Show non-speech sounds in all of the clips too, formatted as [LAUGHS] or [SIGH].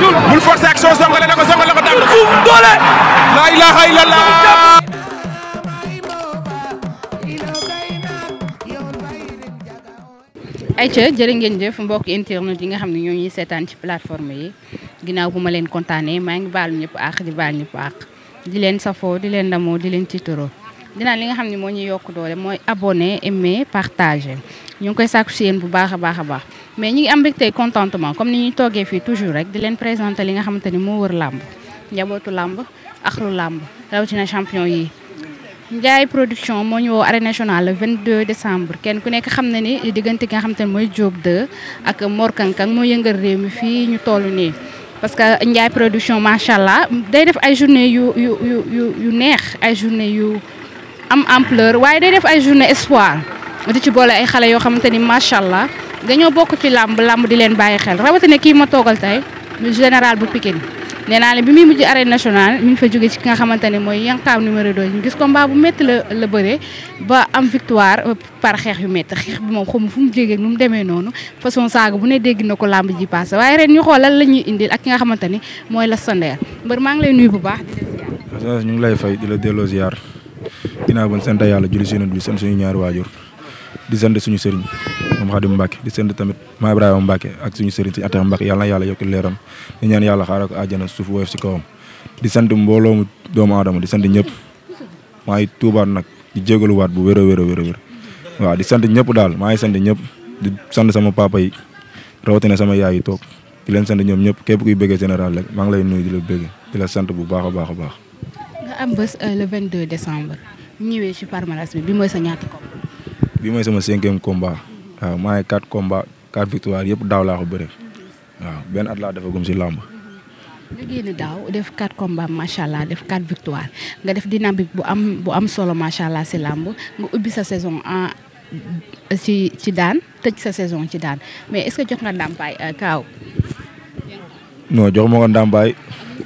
Oh, bul forcer ak soo songale na ko songale na ko daan na fuuf doole. la ilaha illallah. ayca jërë ngeen jëf mbokk internet yi nga xam ne ñoo ñuy seetaan ci plateforme yi ginnaaw bu ma leen kontaanee maa ngi baal ñëpp àq di baal ñëpp àq di leen safoo di leen ndamoo di leen tiitaroo dinaan li nga xam ne moo ñuy yokk doole mooy abonné aimé partage ñoo ngi koy sàkku si yéen bu baax a baax a baax mais ñu ngi am rek tey contentement comme ni ñuy toogee fii toujours rek di leen présenté li nga xamante ni moo wër làmb njabootu làmb axlu làmb rawatina champion yi Ndiaye production moo ñu woo arène nationale le décembre kenn ku nekk xam na ni diggante ki nga xam ne mooy Diop 2 ak Mor kankan mooy yëngal réew mi fii ñu toll nii. parce que Ndiaye production macha allah day def ay journée yu yu yu yu neex ay journée yu am ampleur waaye day def ay journée espoir di ci boole ay xale yoo xamante ni macha allah dañoo bokk ci làmb làmb di leen bàyyi xel rawatina kii ma toogal tey muy général bu Pikine. nee naa leen bi muy mujj arène nationale ngi fa jóge ci ki nga xamante ne mooy yankaam numéro 2 ñu gis combat bu métti la la bëree ba am victoire euh, par xeex yu métti xeex bi moom xamu fu mu jégee nu mu demee noonu façon saaga bu ne dégg na ko làmb ji passé waaye ren ñu xool lan la ñuy indil ak ki nga xamante ni mooy la sandeer mbër maa ngi lay nuyu bu baax di la ñu ngi lay fay di la delloo ziar ginnaaw ba sant yàlla julli si bi sant suñu ñaari waajur di sant suñu sëriñ moom Xaadim Mbacke di sant tamit maa Ibrahima Mbacke ak suñu sëriñ si Atta yàlla na yàlla yokk leeram di ñaan yàlla xaaral ko àjjana suuf woyof si kawam di sant mbooloomu doomu aadama di sant ñëpp maa ngi tuubaat nag di jégaluwaat bu wér a wér a wér waaw di sant ñëpp daal maa ngi sant ñëpp di sant sama papa yi rawatina sama yaay yi toog di leen sant ñoom ñëpp képp kuy bëggee général rek maa ngi lay nuyu di la bëggee di la sant bu baax baax a baax. nga am bés euh, le sa ñaata combat. mooy sama cinquième combat. waaw maa ngi quatre combats quatre victoire yëpp daaw laa ko bëre waaw benn at laa defagum si làmb. nga génn daaw def quatre combats macha allah def quatre victoire nga def dynamique bu am bu am solo macha allah si làmb nga ubbi sa saison en ci daan tëj sa saison ci daan mais est que jox nga ndàmpaay euh, kaaw. non jox ma ko ndàmpaay.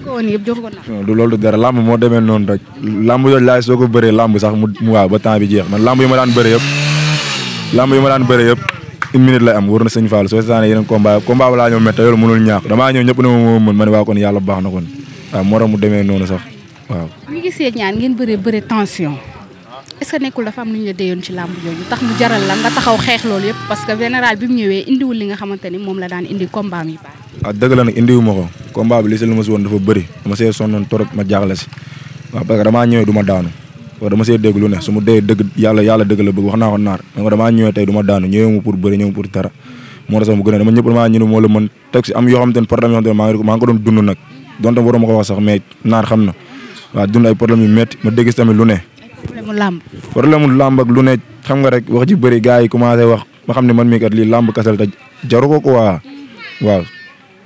ko woon yëpp jox ko na. du loolu dara làmb moo demee noonu rek làmb yooyu laay soo ko bëree làmb sax mu waaw ba temps bi jeex man làmb yi daan bëree lamb yi ma daan bëre yëpp une minute lay am wóor na sëñ Fall soo seetaanee yeneen combat combat ba laa ñëw métti loolu mënul ñaax damaa waaw moo ngeen bëree bëre tension est ce que nekkul dafa am lu ñu la ci làmb jooju tax mu yëpp parce que général bi mu ñëwee indiwul li nga xamante ni moom la daan indi combat mi baax. ah dëgg li ma si woon dafa bëri ma see sonnoon ma jaaxle si waaw parce que damaa ñëwee du ma daanu waaw dama see dégg lu ne su mu dee la bëgg wax naa ko naar mais damaa ñëwee tey du ma daanu ñëwee mu pour bëri ñëw pour dara moo tax sax mu gën a dama ñëpp la mën teg na waaw dund lu ne problème mu làmb wax ci bëri gars yi commencé wax ma xam ne man mii kat lii làmb kasal te jaru ko quoi waaw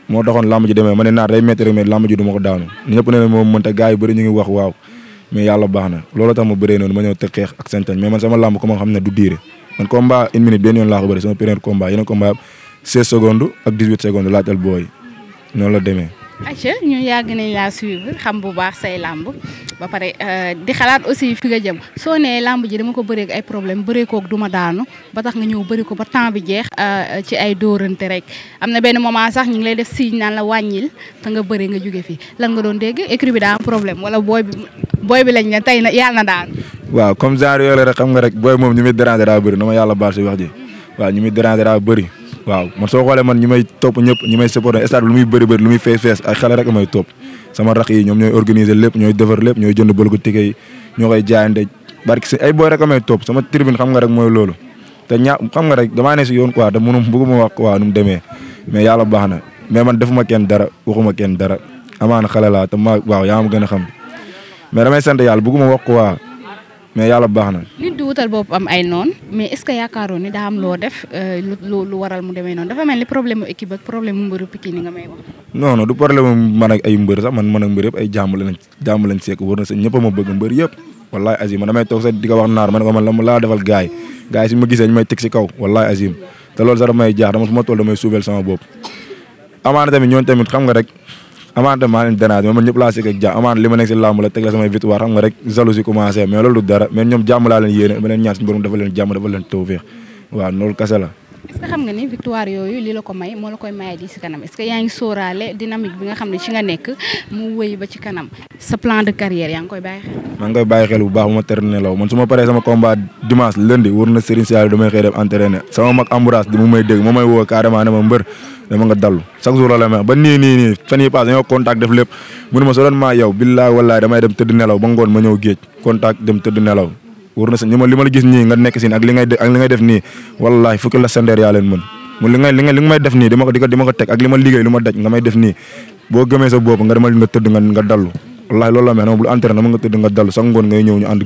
moo taxoon làmb ji demee ma ne naar day métti rek mais làmb ji du ma ko daanu ñëpp ne ne moom mën te gars yi bëri ñu waaw ma yàlla baax na loolu tax ma bëree noonu ma ñëw teg xeex ak santañ mais man sama làmb ko du diire man combat une minute benn yoon laa ko bëri sama premier combat yeneen combat 16 ak 18 secondes laajal booy noonu la demee aca ñu yàgg nañ laa suivre xam bu baax say làmb ba pare euh, di xalaat aussi fi nga jëm soo nee làmb ji dama ko bëree ay problème bëree kook du ma daanu ba tax nga ñëw bëri ko ba temps bi jeex euh, ci ay dóorante rek am na benn moment sax ñu ngi lay def signe naan la wàññil te nga bëri nga jóge fi lan nga doon dégg écrit bi daa am problème wala booy bi booy bi lañ ne tey na yàlla na daan waaw comme genre yooyu rek xam nga rek booy moom ñu muy déranger daa bëri na ma yàlla baal bëri waaw man soo xoolee man ñi may topp ñëpp ñi may supporté stade bi lu muy bëri bëri lu muy fees fees ay xale rek may topp sama rax yi ñoom ñooy organiser lépp ñooy defar lépp ñooy jënd bël ko tike yi ñoo koy jaayante barki si ay booy rek may topp sama rek mooy loolu te ñaa xam nga rek damaa si yoon quoi te mënum bëgguma wax quoi nu mu demee mais yàlla baax na mais man defuma kenn dara waxuma kenn dara amaana xale laa te ma waaw yaa ma gën a xam mais damay sant yàlla bëgguma wax quoi mais yàlla baax na. wutal boppam ay noon mais est ce que yaakaaroon ni daa am loo def euh, lu lu waral mu demee noonu dafa mel ni problème mu équipe ak jàmm a ma bëgg mbër yëpp. wallaay azim man damay toog sax di ko wax naar man ko man la laa defal gaay gaay ma gisee ñu may teg si kaw wallaay azim te loolu sax damay jaax dama fu ma toll damay suufeel sama bopp amaana tamit ñoon tamit xam nga rek amaan tam maa leen dérange man ñëpp laa sik ak jàmm amaan li ma nekk si làmb la teg la samay victoire xam nga rek jalousie commencé dara mais ñoom jàmm laa leen yéene ma leen ñaan suñu dafa leen jàmm dafa leen tawfeex waaw loolu la est-ce xam nga ni victoire yooyu li la ko may moo la koy maye di ci kanam est-ce que bi nga xam ne ci nga nekk ba ci kanam sa plan de carrière yaa ngi koy bàyyi xel. baax bu ma tër ne law man su ma paree sama combat dimanche lundi wër na Serigne Sall damay xëy dem entraîner sama mag ambourage di mu may dégg moo may woo carrément ne ma mbër dama nga dallu chaque ba nii nii nii fan contact def lépp mu ne ma soo doon maa yow billaay wallaay damay dem tëdd nelaw ba ngoon ma ñëw géej contact dem tëdd nelaw wóor na sa ñu ma li ma la gis nii nga nekk si ak li ngay ak li ngay def nii wallahi fukki la sendeer yaa leen mën mu li nii di ma ko di ko di ma ko teg ak lu ma nga may def nii boo gëmee sa bopp nga demal nga tëdd nga nga dallu wallahi loolu la mel ne bu entraîné ma nga tëdd nga dallu sax ngoon ngay ñëw ñu ànd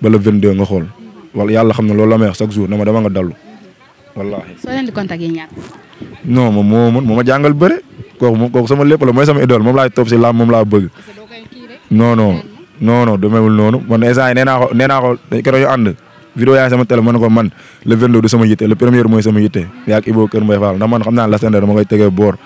ba le 22 nga xool dama nga dallu wallahi soo leen di contact yi ñaar non moom moo mën moo ma jàngal bëre kooku lépp la mooy sama idole moom laay topp si laam moom laa bëgg non non demeewul noonu man instant yi nee naa ko nee naa ko keroog ñu ànd vidéo yaay sama téléphone man ko man le 22 du sama yitte le premier mooy sama yitte yaa ak Ibo Kër Mbaye Fall ndax man xam naa la standard ma koy tegee boor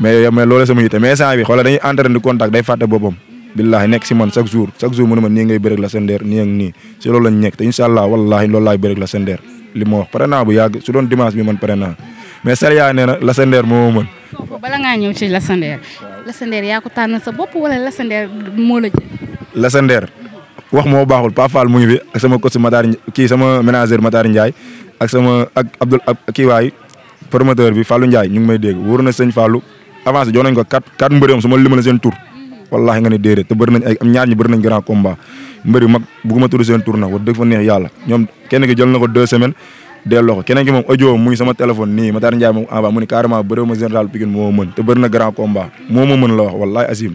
mais mais loolu sama yitte mais instant bi xoolal dañuy entraîné di contact day fàtte boppam billahi nekk si man chaque jour chaque jour mu ne ma nii ngay bëreg la sender nii ak nii si loolu lañ nekk te incha allah wallahi loolu laay bëreg la sender li ma wax pare naa bu yàgg su doon dimanche bi man pare naa mais Sariya nee na Lassander moo mën. bala ngaa ñëw ci Lassander. Lassander yaa ko tànn sa bopp wala Lassander moo la jël. la sa ndeer wax moo baaxul Pa Fall mu ngi fi ak sama coach Matar kii sama manager Matar Ndiaye ak sama ak Abdoul ak kii waay promoteur bi ñu ngi may dégg wóor na sëñ Fallou avancé jox nañ ko quatre wallahi nga ne déedéet te bëri nañ ay am ñaar ñi bëri nañ grand combat mbëri mag bëgguma tudd seen kenn ki jël na ko deux semaines delloo ko keneen ki moom audio mu ngi sama téléphone nii Matar Ndiaye moom envoyé mu ne carrément bëriwuma général Pikine moo grand combat moo ma la wax wallahi asim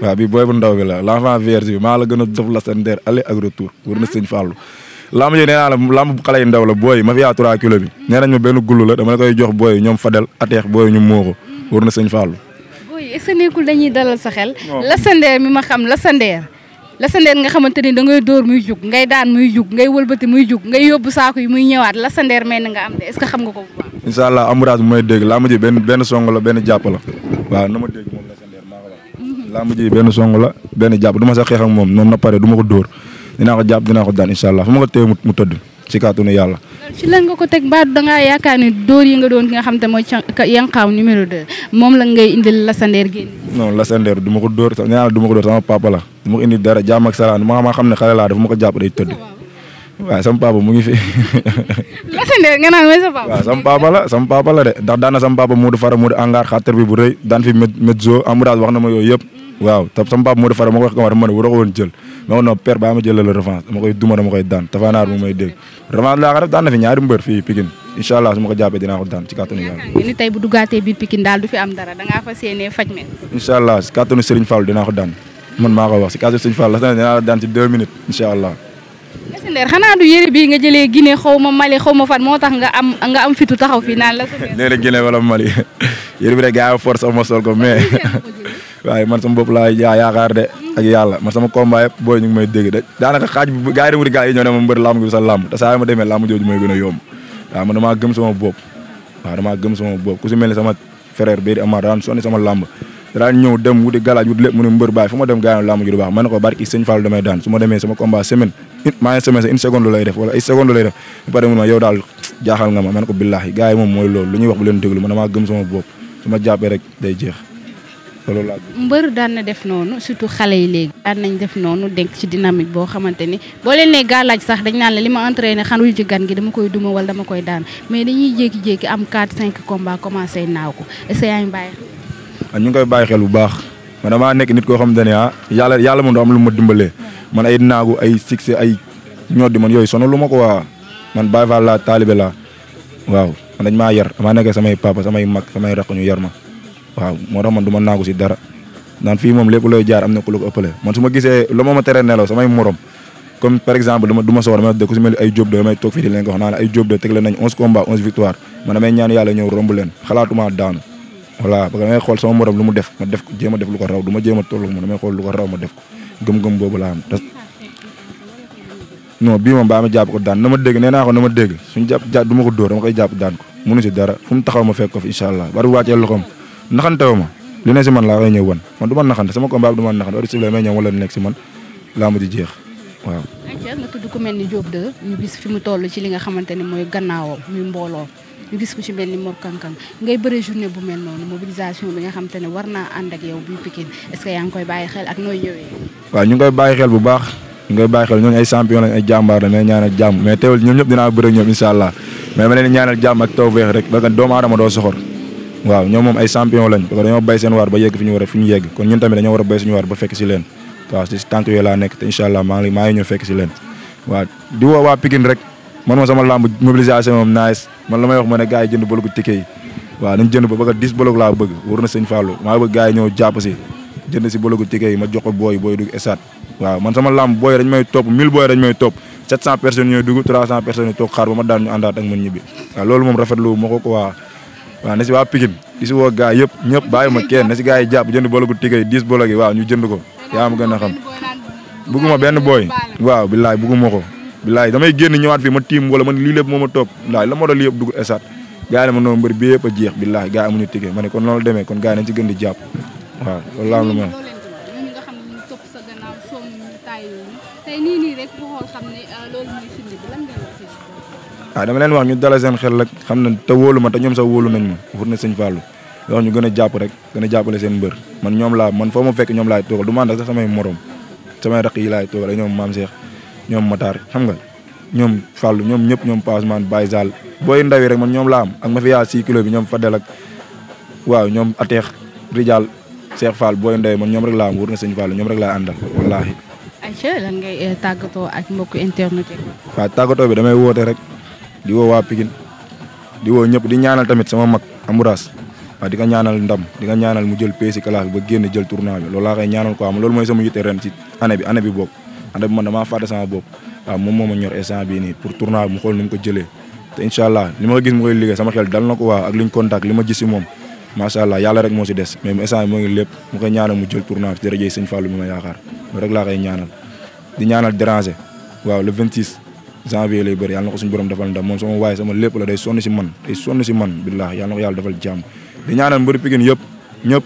waaw bi booy bu ndaw bi la l'enfant vierge bi maa la gën a dof la seen der aller ak retour na sëñ Fallou lamb ji la lamb xale yi la booy ma fiyaa 3 kilo bi nee nañ benn gull la dama la koy jox booy ñoom Fadel ateex booy ñu moo ko war na sëñ Fallou booy est-ce que nekkul dañuy dalal sa xel la sandeer ma xam la sandeer la sandeer nga xamante ni da ngay dóor muy jug ngay daan muy jug ngay wëlbati muy jug ngay yóbbu saako yi muy ñëwaat la sandeer mel na nga am de ce que xam nga ko bu baax incha allah amuraas bu may dégg benn benn song la benn jàpp la ma dégg làmb ji benn song la benn jàpp du ma sax xeex ak moom noonu na pare du ma ko dóor dinaa jàpp dinaa ko daan incha allah mu tëdd ci kàttanu yàlla. ci lan da ngaa yaakaar ne dóor yi nga doon ki nga xam te mooy yanqaaw numéro 2 moom la ngay indil lasandeer génn. non du ma ko dóor nee naa la du ma ko dóor sama papa la du ma ko indi dara jàmm ak salaam ma xam ne xale laa dafa ma ko jàpp day tëdd. Oh, waaw sama papa mu ngi fi. lasandeer [LAUGHS] sa papa. waaw sama papa la sama la de ndax daan na sama papa Modou Fara Modou Angar xatar bi bu rëy daan fi mét métzo amudaas wax na ma yooyu yëpp. waaw te sama papa Modou Fara ma ko wax Camara ma ne waroo woon jël ma ko non père baa ma jëlal la revanche dama koy duma dama koy daan tafaanaar mu may dégg revanche laa ko def daan na fi ñaari mbër fii Pikine incha allah su ma ko jàppee dinaa ko daan ci kàttanu yàlla. yaakaar ni tey bu duggaatee biir Pikine daal du fi am dara da ngaa fas yéenee faj me. incha allah si kàttanu Serigne Fall dinaa ko daan man maa ko wax si kàttanu Serigne Fall la sax dinaa la daan ci deux minutes incha allah. Gassi Nder xanaa du yére bii nga jëlee Guinée xaw ma Mali xaw ma fan moo tax nga am nga am fitu taxaw fii naan la. déedéet [LAUGHS] Guinée wala Mali [LAUGHS] yére bi rek gaa force am ma sol ko mais [LAUGHS] waaye man sama bopp laa yaakaar de ak yàlla man sama combat yëpp booy ñu ngi may dégg de daanaka xaaj bi gars yi dem wuti gars yi ñoo ne ma mbër làmb gi sa làmb te saa ma demee làmb jooju a yomb waaw man damaa gëm sama bopp daan sonni daan ñëw dem wuti galaaj wuti lépp mu ne mbër baay fu ma dem gars yi làmb ji du baax ma ne maa ngi daal jaaxal nga ma ko billaahi gars yi moom lu ñuy wax bu leen déglu man damaa gëm sama bopp su ma jàppee rek day loolu laa mbër daan na def noonu surtout xale yi léegi. daan nañ def noonu denk ci dynamique boo xamante ni boo leen nee gàllaaj sax dañ naan la li ma entraîné xanuñu ci gan gi dama koy duma wala dama koy daan mais dañuy jékki-jékki am 4 5 combats commencé naaw ko est-ce que ah, ñu ngi koy bàyyi xel baax man damaa nekk nit koo xamante ne ah yàlla yàlla moom doo lu ma dimbalee man ay naagu ay succès ay ñoddi man yooyu sono lu ma ko waa man Baye Fall laa taalibe laa waaw man dañ maa yar damaa nekk samay papa samay mag samay rakk ñu yar ma waaw moo tax man ma naagu si dara naan fii moom lépp looy jaar am na ku ko ëppale man su ma gisee la ma ma tere nelaw samay morom comme par exemple duma du ma soxla dama de ku si mel ay Diop de damay toog fii di leen leen xalaatuma daanu voilà parce xool sama morom lu mu def ma def ko jéem a def lu ko raw du ma jéem a tollu lu ko raw ma def ko gëm-gëm boobu laa am baa ma jàpp daan na ma dégg nee naa ko na ma dégg suñu jàpp du ma koy jàpp daan ko mënu si dara fu mu taxaw ma fekk ko fi incha allah bari naxantewu ma li ne si man laa koy ñëw wan man du ma naxante sama combat bi du ma naxante heure bii laa ma di jeex waaw. ayca nga tudd ku de ñu gis fi mu toll ci li nga xamante ne mooy gannaawam mbooloo gis ku ci mel ni Mor Kankang ngay bëre journée bi nga xamante ne war naa ànd ak yow buy Pikine ngi koy bàyyi xel ñu ngi koy bàyyi xel bu baax ñu ngi koy bàyyi xel ñooñu ay champion lañ ay jàmbaar lañ ñaanal jàmm mais teewul ñoom ñëpp dinaa bëre ñoom incha allah mais ma ñaanal jàmm ak tawfeex rek ba nga doomu aadama doo soxor waaw ñoom moom ay champion lañ parce que dañoo bay seen waar ba yegg fi ñu war a fi ñu yegg kon ñun tamit dañoo war a bay suñu waar ba fekk si leen waaw si tànk yooyu laa nekk te incha allah maa ngi maa ngi ñëw fekk si leen waaw di woo waa Pikine rek man moom sama làmb mobilisation moom nice man la may wax ma ne gars yi jënd bologu ticket yi waaw nañ jënd ba bëgg a 10 bolog laa bëgg wër na sëñ Fallou maa bëgg gars yi ñëw jàpp si jënd si bologu ticket yi ma jox ko booy booy dugg esat waaw man sama làmb booy dañ may topp 1000 booy dañ may topp 700 personnes ñooy dugg 300 personnes yi toog xaar ba ma daan ñu àndaat ak man ñibbi waaw loolu moom rafetlu ma ko quoi waaw si waa Pikine di si woo gaa yëpp ñëpp bàyyi ma kenn na si gaa yi jàpp jënd bologu tigay dix bologi waaw ñu jënd ko yaa ma gën a xam bugguma benn booy waaw billaay bugguma ko billaay damay génn ñëwaat fii ma tiim wala man lii lépp ma toog billaay la moo doon lii yëpp dugg esat gaa yi ne ma noonu mbër bi yëpp a jeex billaay gaa yi amuñu tigay ma ne kon loolu demee kon gaa yi nañ si gën di jàpp waaw loolu laa am waaw ah, dama leen wax ñu dala seen xel rek xam ne te wóolu ma te ñoom sax wóolu nañ ma na sëñ Fallou wax ñu gën a jàpp rek gën a jàppale seen mbër man ñoom laa man foo ma fekk ñoom laay toogal du ma ànd sax samay morom samay raq yi laay toogal ak ñoom maam Cheikh ñoom Matar xam nga ñoom Fallou ñoom ñëpp ñoom Passeman Baye Zal booy ndaw rek man ñoom laa am ak ma fi yaa 6 bi ñoom Fadel ak waaw ñoom Ateex Rijal Cheikh Fall booy ndaw man ñoom rek laa am wut na sëñ Fallou ñoom rek laa àndal wallaahi. ayca lan eh, tàggatoo internet yi. waaw tàggatoo bi damay woote rek di woo waa Pikine di woo ñëpp di ñaanal tamit sama mag Amouraas waaw di ko ñaanal ndam di ko ñaanal mu jël pee si kalaaf bi ba génn jël tournoi bi loolu laa koy ñaanal ko am loolu mooy sama yitte ren ci année bi année bi bopp année bi man damaa fàtte sama bopp waaw moom moo ma ñor instant bii nii pour tournoi bi mu xool nu mu ko jëlee te incha allah li ma ko gis mu koy liggéey sama xel dal na ko waaw ak liñ contact li ma gis si moom macha allah yàlla rek moo si des mais instant bi moo ngi lépp mu koy ñaanal mu jël tournoi bi si dërëjëy sëñ Fallou mi ma yaakaar loolu rek laa koy ñaanal di ñaanal déranger waaw le 26 janvier lay bëri yàlla na ko suñu borom defal ndam moom sama waaye sama lépp la day sonn si man day sonn si man billaahi yàlla na ko yàlla defal jàmm di ñaanal mbëri Pikine yëpp ñëpp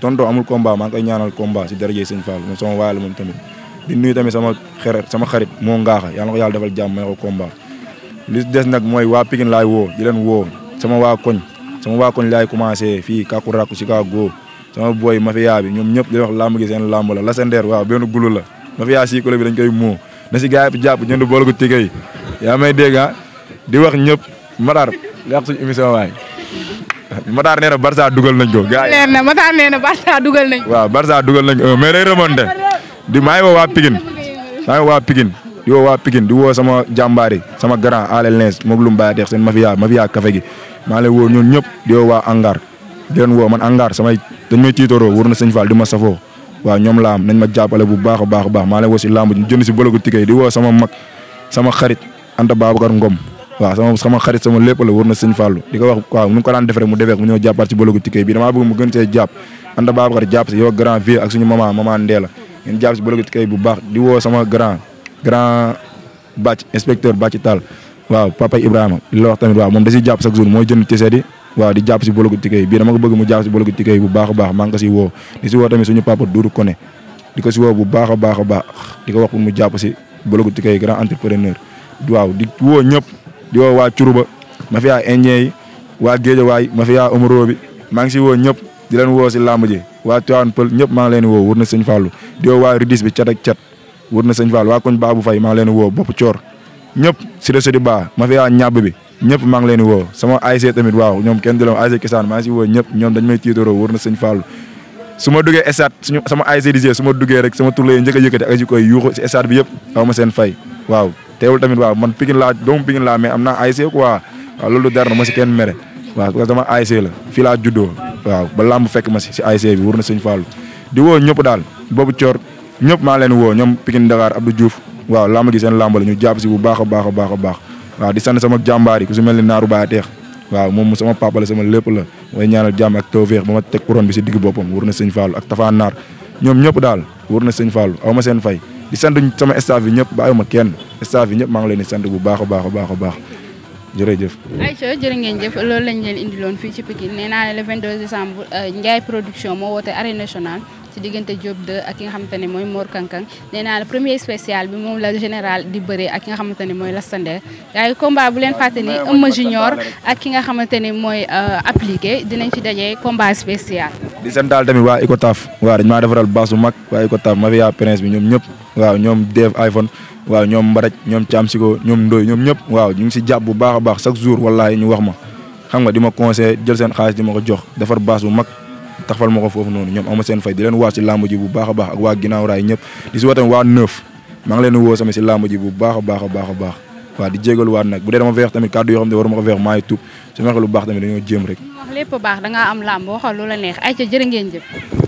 tonto amul combat maa ngi koy ñaanal combat si daraje Sëñ Fall moom sama waay la moom tamit di nuyu tamit sama xere sama xarit moo ngaaxa yàlla na ko yàlla defal jàmm ma ne ko combat li des nag mooy waa Pikine laay woo di leen woo sama waa koñ sama waa koñ laay commencé fii kàkku ràkku si kaa góo sama boy mafia bi ñoom ñëpp di wax làmb gi seen làmb la la sendeer waaw benn gulu la mafia si kule bi dañ koy moo na si gars yi jàpp ñënd boole ko tike yi yaa may dégg ah? di wax ñëpp Matar yàq suñu émission waay Matar nee na Barça dugal nañ ko. gars yi dugal nañ di maa ngi woo waa Pikine maa ngi woo waa Pikine di woo sama jàmbaar yi sama grand Alé Lens moom lu mu bàyyi seen mafia mafia café gi maa lay woo ñëpp di waa Angar di leen man Angar samay dañ may tiitoroo na sëñ Fall di ma safoo waaw ñoom laa am nañ ma jàppale bu baax a baax a maa leen woo si làmb ñu jënd si bologu tike di woo sama mag sama xarit Anta Babacar Ngom waaw sama sama xarit sama lépp la war na sëñ Fallou di ko wax waaw nu ko daan defee mu defee mu ñëw jàppaat si bologu tike jàpp Anta Babacar jàpp si yow grand vieux ak suñu maman maman Ndéla ngeen si bologu bu baax di woo sama grand grand bàcc inspecteur bàcc Tall waaw papa Ibrahima li la wax tamit waaw moom da siy jàpp chaque jour mooy jënd tiset yi waaw di jàpp si bologu tike yi bii dama bëgg mu jàpp si bologu tike yi bu baax a baax maa ko si woo di woo tamit suñu papa Doudou Koné di ko si woo bu baax a baax a baax di ko wax pour mu jàpp si bologu tike yi grand entrepreneur waaw di woo ñëpp di waa Curuba ma fiyaa indien yi waa gej ma fiyaa Omoro bi maa ngi woo ñëpp di leen woo si làmb ji waa Tivaouane Pël ñëpp maa leen woo wër na sëñ Fallou di woo bi cat ak cat wër na sëñ Fallou waa koñ Babou Faye maa leen woo bopp coor ñëpp si réseau di baa ma fiyaa bi ñëpp maa ngi leen di woo sama ASC tamit waaw ñoom kenn la ASC Kisaan maa ngi si woo ñëpp ñoom dañ may na sëñ Fallou ma duggee stade suñu sama ASC di su ma rek sama tur la njëkk a yëkkati ak si koy yëpp aw ma seen fay waaw teewul tamit waaw man Pikine laa doomu Pikine laa mais am naa ASC quoi waaw loolu dara ma si kenn mere waaw parce que sama la fii laa juddoo waaw ba làmb fekk ma si si ASC bi wóor na sëñ Fallou di woo ñëpp daal boobu coor ñëpp maa leen woo ñoom Pikine Dakar Abdou Diouf waaw làmb gi seen làmb la ñu jàpp si bu baax a baax a baax a baax waaw di sant sama jàmbaar yi ku si sama papa la sama lépp la way ñaanal jàmm ak tawféex ba ma teg couronne bi si digg boppam na sëñ Fallou ak Tafa Naar ñoom ñëpp daal wër na sëñ Fallou aw ma seen fay di sant sama staff yi ñëpp bàyyiwuma kenn staff yi ñëpp maa leen di sant bu baax a baax a baax a baax jërëjëf. Aïcha jërë ngeen jëf loolu lañ leen indiloon fii ci Pikine nee naa ne le euh, production moo woote arène nationale. ci diggante Diop 2 ak ki nga xamante ne mooy Mor Kankang nee naa la premier spécial bi moom la général di bëree ak ki nga xamante ne mooy la gars yi combat bu leen fàtte ni Eumeu Junior ak ki nga xamante ne mooy euh, appliqué dinañ ci dajee combat spécial. di seen daal tamit waa Icotaf waaw dañ maa defaral base bu mag waa Icotaf Mafia Prince bi ñoom ñëpp waaw ñoom Dev iPhone waa ñoom Mbaraj ñoom Thiam Siko ñoom Ndoy ñoom ñëpp waaw ñu ngi si jàpp bu baax baax chaque jour wallahi ñu wax ma xam nga di ma conseillé jël seen xaalis di ma ko jox defar base bu mag taxawal ma ko foofu noonu ñoom ama seen fay di leen waa si làmb bu baax a baax ak waa ginnaaw raay ñëpp di si woo tamit waa neuf maa bu baax a baax a bu dee dama veex tamit kàddu yoo xam ne maa ngi tub lu baax tamit dañoo jéem